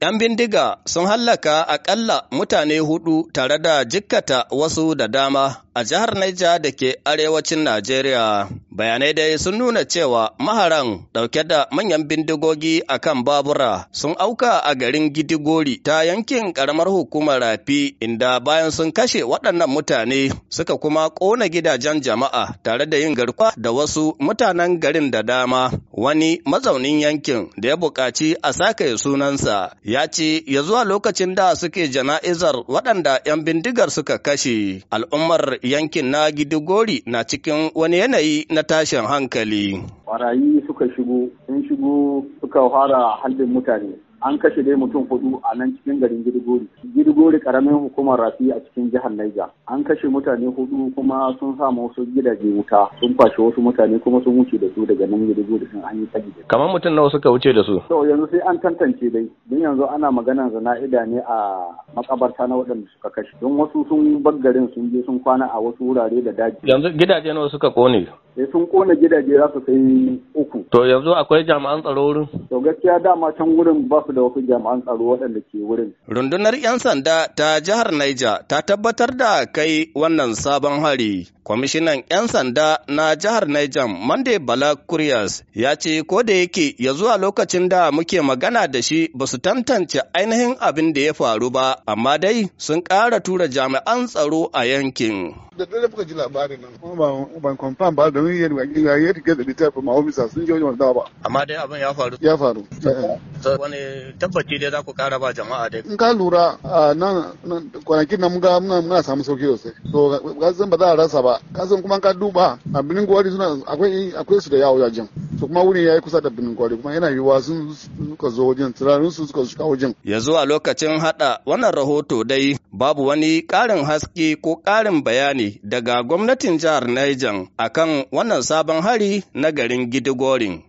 ‘Yan bindiga sun hallaka akalla mutane hudu tare da jikkata wasu da dama a jihar Niger da ke arewacin Najeriya. Bayanai dai sun nuna cewa maharan dauke da manyan bindigogi a kan babura sun auka a garin Gidigori ta yankin karamar hukumar Rafi inda bayan sun kashe waɗannan mutane suka kuma ƙona gidajen jama'a tare da yin garkuwa da wasu mutanen garin da dama. Wani mazaunin yankin da ya buƙaci a sake sunansa ya ce ya zuwa lokacin da suke jana'izar waɗanda 'yan bindigar suka kashe al'ummar yankin na Gidigori na cikin wani yanayi na tashin hankali. Barayi suka shigo, sun shigo suka fara halin mutane. An kashe dai mutum hudu a nan cikin garin Girgori. gori karamin hukumar rafi a cikin jihar Niger. An kashe mutane hudu kuma sun ma wasu gidaje wuta sun kwashe wasu mutane kuma sun wuce da su daga nan Maiduguri sun an yi tsagi da Kamar mutum nawa suka wuce da su? To yanzu sai an tantance dai. Don yanzu ana maganar zana'ida ne a makabarta na waɗanda suka kashe. Don wasu sun baggarin sun je sun kwana a wasu wurare da daji. Yanzu gidaje nawa suka kone? Sai eh, sun kone gidaje za su kai uku. To yanzu akwai jami'an tsaro wurin? To gaskiya dama can wurin ba su da wasu jami'an tsaro waɗanda ke wurin. Rundunar 'yan sanda sanda ta jihar Niger ta tabbatar da kai wannan sabon hari. Kwamishinan 'yan sanda na jihar Niger Monday Bala Kuriyas ya ce ko da yake ya zuwa lokacin da muke magana da shi ba su tantance ainihin abin da ya faru ba, amma dai sun ƙara tura jami'an tsaro a yankin. Da dare kuka ji labarin nan, kuma ban kwamfan ba domin yadda ya da ma sun ji wani ba. Amma dai abin ya faru. Ya faru. Eh, wani tabbaci dai za ku kara ba jama'a dai in ka lura a nan kwanakin nan muka muna samu sauki sosai to kasan ba za a rasa ba kasan kuma ka duba a binin gwari suna akwai akwai su da yawo wajen to kuma ya yi kusa da binin gwari kuma yana yiwuwa sun suka zo wajen turarin su suka shiga wajen yanzu a lokacin hada wannan rahoto dai babu wani karin haske ko karin bayani daga gwamnatin jihar Niger akan wannan sabon hari na garin Gidigorin